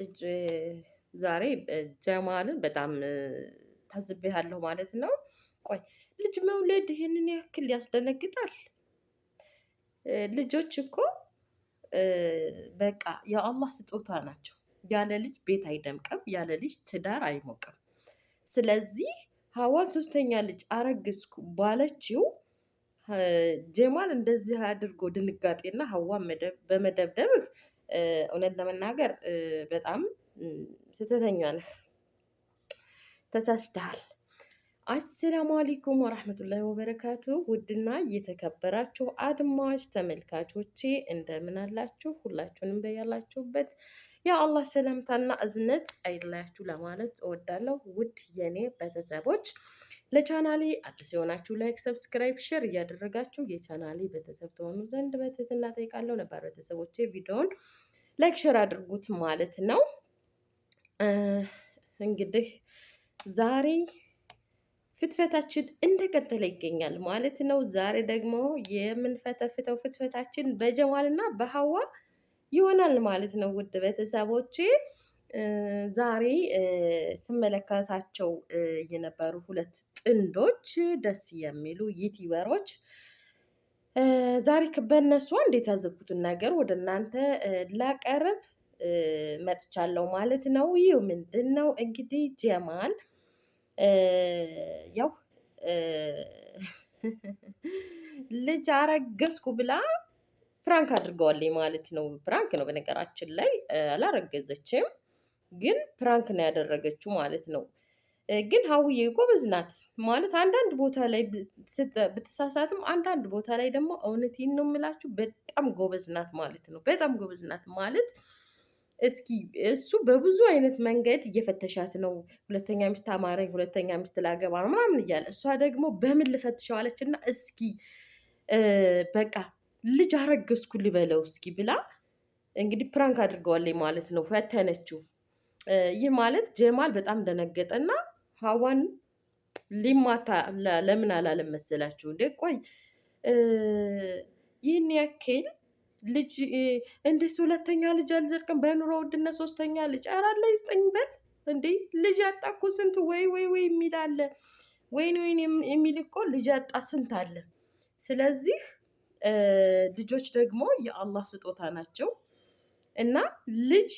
ልጅ ዛሬ ጀማልን በጣም ታዝቤያለሁ ማለት ነው። ቆይ ልጅ መውለድ ይህንን ያክል ያስደነግጣል? ልጆች እኮ በቃ የአላህ ስጦታ ናቸው። ያለ ልጅ ቤት አይደምቅም፣ ያለ ልጅ ትዳር አይሞቅም። ስለዚህ ሀዋ ሶስተኛ ልጅ አረግዝኩ ባለችው ጀማል እንደዚህ አድርጎ ድንጋጤና ሀዋ በመደብደብህ እውነት ለመናገር በጣም ስህተተኛ ነህ፣ ተሳስተሃል። አሰላሙ አሌይኩም ወራህመቱላሂ ወበረካቱ። ውድና እየተከበራችሁ አድማጭ ተመልካቾቼ እንደምን አላችሁ? ሁላችሁንም በያላችሁበት የአላህ ሰላምታና እዝነት አይለያችሁ ለማለት እወዳለሁ። ውድ የኔ ቤተሰቦች ለቻናሌ አዲስ የሆናችሁ ላይክ፣ ሰብስክራይብ፣ ሼር እያደረጋችሁ የቻናሌ ቤተሰብ ተሆኑ ዘንድ በትህትና ጠይቃለሁ። ነባር ቤተሰቦቼ ቪዲዮውን ላይክ፣ ሼር አድርጉት ማለት ነው። እንግዲህ ዛሬ ፍትፈታችን እንደቀጠለ ይገኛል ማለት ነው። ዛሬ ደግሞ የምንፈተፍተው ፍትፈታችን በጀማል እና በሀዋ ይሆናል ማለት ነው። ውድ ቤተሰቦቼ ዛሬ ስመለከታቸው የነበሩ ሁለት ጥንዶች ደስ የሚሉ ዩቲዩበሮች ዛሬ በእነሱ እንዴት የታዘብኩትን ነገር ወደ እናንተ ላቀርብ መጥቻለሁ ማለት ነው። ይህ ምንድን ነው እንግዲህ ጀማል ያው ልጅ አረገዝኩ ብላ ፕራንክ አድርገዋለኝ ማለት ነው። ፕራንክ ነው በነገራችን ላይ አላረገዘችም። ግን ፕራንክ ነው ያደረገችው ማለት ነው። ግን ሀውዬ ጎበዝ ናት ማለት አንዳንድ ቦታ ላይ ብትሳሳትም፣ አንዳንድ ቦታ ላይ ደግሞ እውነቴን ነው የምላችሁ በጣም ጎበዝ ናት ማለት ነው። በጣም ጎበዝ ናት ማለት እስኪ እሱ በብዙ አይነት መንገድ እየፈተሻት ነው። ሁለተኛ ሚስት አማረኝ፣ ሁለተኛ ሚስት ላገባ ነው ምናምን እያለ እሷ ደግሞ በምን ልፈትሸው አለችና እስኪ በቃ ልጅ አረገዝኩ ልበለው እስኪ ብላ እንግዲህ ፕራንክ አድርገዋለኝ ማለት ነው። ፈተነችው። ይህ ማለት ጀማል በጣም ደነገጠና ሀዋን ሊማታ ለምን አላለም መሰላችሁ? እንዴ ቆይ ይህን ያክል ልጅ እንዴስ ሁለተኛ ልጅ አልዘርቅም፣ በኑሮ ውድነት ሶስተኛ ልጅ አራለ ይስጠኝ በል እንዴ ልጅ አጣ እኮ ስንት ወይ ወይ ወይ የሚል አለ፣ ወይን ወይን የሚል እኮ ልጅ ያጣ ስንት አለ። ስለዚህ ልጆች ደግሞ የአላህ ስጦታ ናቸው እና ልጅ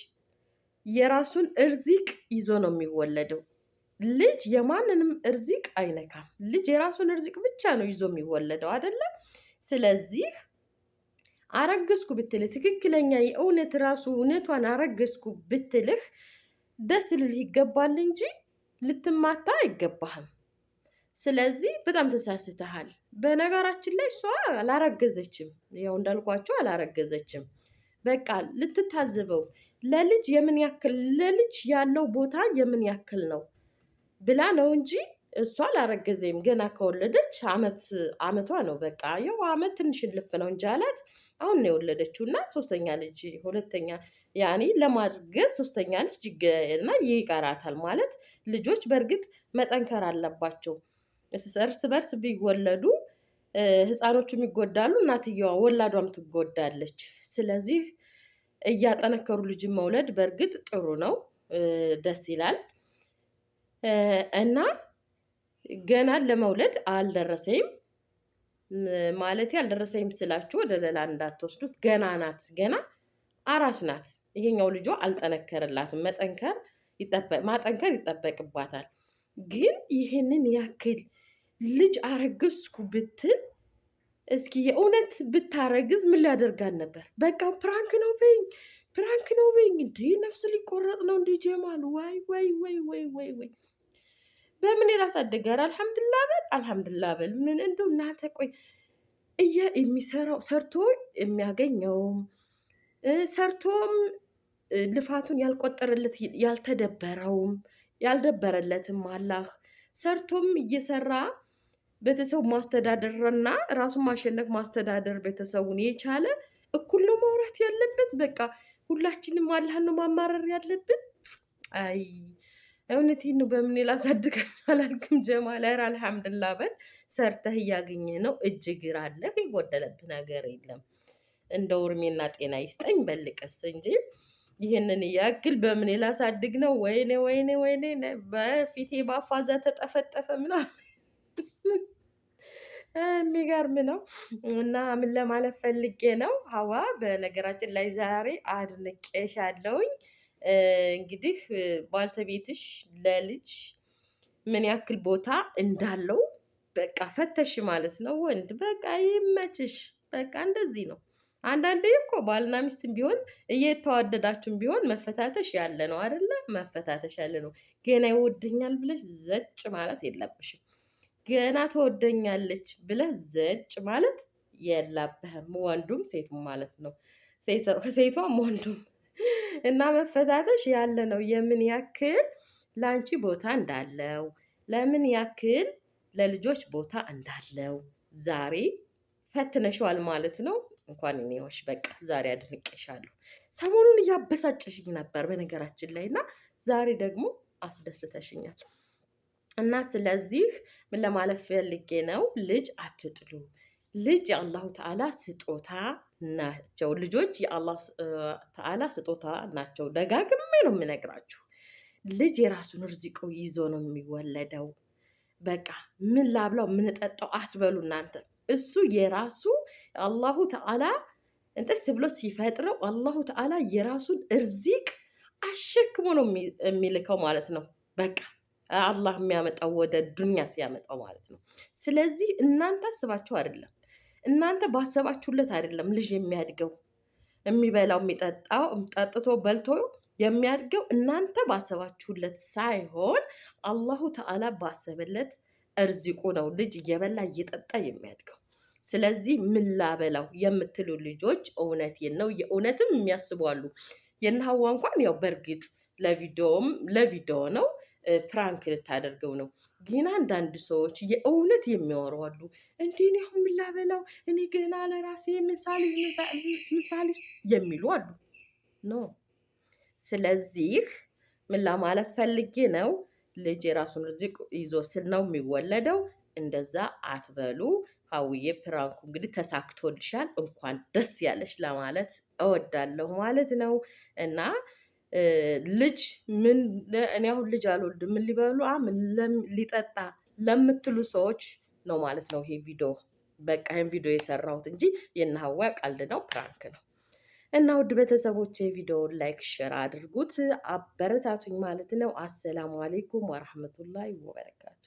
የራሱን እርዚቅ ይዞ ነው የሚወለደው። ልጅ የማንንም እርዚቅ አይነካም። ልጅ የራሱን እርዚቅ ብቻ ነው ይዞ የሚወለደው አይደለም። ስለዚህ አረገዝኩ ብትልህ ትክክለኛ የእውነት ራሱ እውነቷን አረገዝኩ ብትልህ ደስ ልልህ ይገባል እንጂ ልትማታ አይገባህም። ስለዚህ በጣም ተሳስተሃል። በነገራችን ላይ እሷ አላረገዘችም፣ ያው እንዳልኳቸው አላረገዘችም። በቃ ልትታዘበው ለልጅ የምን ያክል ለልጅ ያለው ቦታ የምን ያክል ነው ብላ ነው እንጂ እሷ አላረገዘም። ገና ከወለደች አመት አመቷ ነው። በቃ ያው አመት ትንሽ ልፍ ነው እንጂ አላት። አሁን ነው የወለደችው እና ሶስተኛ ልጅ ሁለተኛ ያኔ ለማርገዝ ሶስተኛ ልጅ እና ይቀራታል ማለት ልጆች በእርግጥ መጠንከር አለባቸው። እርስ በርስ ቢወለዱ ህፃኖቹም ይጎዳሉ፣ እናትየዋ ወላዷም ትጎዳለች። ስለዚህ እያጠነከሩ ልጅ መውለድ በእርግጥ ጥሩ ነው፣ ደስ ይላል እና ገና ለመውለድ አልደረሰኝም ማለት አልደረሰኝም ስላችሁ ወደ ሌላ እንዳትወስዱት። ገና ናት፣ ገና አራስ ናት። ይሄኛው ልጇ አልጠነከርላትም። መጠንከር ማጠንከር ይጠበቅባታል። ግን ይህንን ያክል ልጅ አረገዝኩ ብትል እስኪ የእውነት ብታረግዝ ምን ሊያደርጋን ነበር? በቃ ፕራንክ ነው በይኝ፣ ፕራንክ ነው በይኝ። እንዲ ነፍስ ሊቆረጥ ነው እንዲ ጀማል። ወይ ወይ ወይ ወይ ወይ ወይ በምን ላሳደገር? አልሐምድላ በል አልሐምድላ በል። ምን እንደው እናንተ ቆይ እየ የሚሰራው ሰርቶ የሚያገኘውም ሰርቶም ልፋቱን ያልቆጠረለት ያልተደበረውም ያልደበረለትም አላህ ሰርቶም እየሰራ ቤተሰብ ማስተዳደርና ራሱን ማሸነፍ ማስተዳደር ቤተሰቡን የቻለ እኩል ነው ማውራት ያለበት። በቃ ሁላችንም አላህን ነው ማማረር ያለብን። አይ እውነት ነው። በምን ላሳድጋችሁ አላልክም። ጀማል ኧረ አልሐምድላ በል ሰርተህ እያገኘ ነው። እጅግ ራለህ የጎደለብህ ነገር የለም። እንደ ውርሜና ጤና ይስጠኝ በልቀስ እንጂ ይህንን እያክል በምን ላሳድግ ነው? ወይኔ ወይኔ ወይኔ፣ በፊቴ በአፋዛ ተጠፈጠፈ ምናምን የሚገርም ነው እና ምን ለማለት ፈልጌ ነው ሀዋ፣ በነገራችን ላይ ዛሬ አድንቄሻለሁኝ። እንግዲህ ባልተቤትሽ ለልጅ ምን ያክል ቦታ እንዳለው በቃ ፈተሽ ማለት ነው። ወንድ በቃ ይመችሽ፣ በቃ እንደዚህ ነው። አንዳንዴ እኮ ባልና ሚስትም ቢሆን እየተዋደዳችሁም ቢሆን መፈታተሽ ያለ ነው አደለ መፈታተሽ ያለ ነው። ገና ይወደኛል ብለሽ ዘጭ ማለት የለብሽም። ገና ትወደኛለች ብለህ ዘጭ ማለት የላብህም። ወንዱም ሴቱም ማለት ነው፣ ሴቷም ወንዱም እና መፈታተሽ ያለ ነው። የምን ያክል ለአንቺ ቦታ እንዳለው፣ ለምን ያክል ለልጆች ቦታ እንዳለው ዛሬ ፈትነሸዋል ማለት ነው። እንኳን እኔዎች በቃ ዛሬ አድንቄሻለሁ። ሰሞኑን እያበሳጨሽኝ ነበር በነገራችን ላይ እና ዛሬ ደግሞ አስደስተሽኛል። እና ስለዚህ ምን ለማለት ፈልጌ ነው፣ ልጅ አትጥሉ። ልጅ የአላሁ ተዓላ ስጦታ ናቸው። ልጆች የአላህ ተዓላ ስጦታ ናቸው። ደጋግሜ ነው የምነግራችሁ። ልጅ የራሱን ርዚቁ ይዞ ነው የሚወለደው። በቃ ምን ላብላው ምን ጠጣው አትበሉ እናንተ። እሱ የራሱ አላሁ ተዓላ እንጥስ ብሎ ሲፈጥረው አላሁ ተዓላ የራሱን እርዚቅ አሸክሞ ነው የሚልከው ማለት ነው በቃ አላህ የሚያመጣው ወደ ዱኛ ሲያመጣው ማለት ነው። ስለዚህ እናንተ አስባችሁ አይደለም፣ እናንተ ባሰባችሁለት አይደለም ልጅ የሚያድገው የሚበላው የሚጠጣው ጠጥቶ በልቶ የሚያድገው እናንተ ባሰባችሁለት ሳይሆን አላሁ ተዓላ ባሰበለት እርዚቁ ነው ልጅ እየበላ እየጠጣ የሚያድገው። ስለዚህ ምን ላበላው የምትሉ ልጆች እውነቴን ነው የእውነትም የሚያስቡ አሉ። እንኳን ያው በእርግጥ ለቪዲዮም ለቪዲዮ ነው ፕራንክ ልታደርገው ነው። ግን አንዳንድ ሰዎች የእውነት የሚያወሩ አሉ። እንዲህ እኔ አሁን ምን ላበላው እኔ ገና ለራሴ ምሳሌስ የሚሉ አሉ። ኖ ስለዚህ ምን ለማለት ፈልጌ ነው፣ ልጅ የራሱን ርዝቅ ይዞ ስል ነው የሚወለደው። እንደዛ አትበሉ። ሀውዬ ፕራንኩ እንግዲህ ተሳክቶልሻል፣ እንኳን ደስ ያለሽ ለማለት እወዳለሁ ማለት ነው እና ልጅ ምን እኔ አሁን ልጅ አልወልድ ምን ሊበሉ ሊጠጣ ለምትሉ ሰዎች ነው ማለት ነው ይሄ ቪዲዮ። በቃ ይህን ቪዲዮ የሰራሁት እንጂ የእነ ሀዋ ቀልድ ነው፣ ፕራንክ ነው። እና ውድ ቤተሰቦች የቪዲዮውን ላይክ፣ ሼር አድርጉት፣ አበረታቱኝ ማለት ነው። አሰላሙ አሌይኩም ወረህመቱላሂ ወበረካቱ።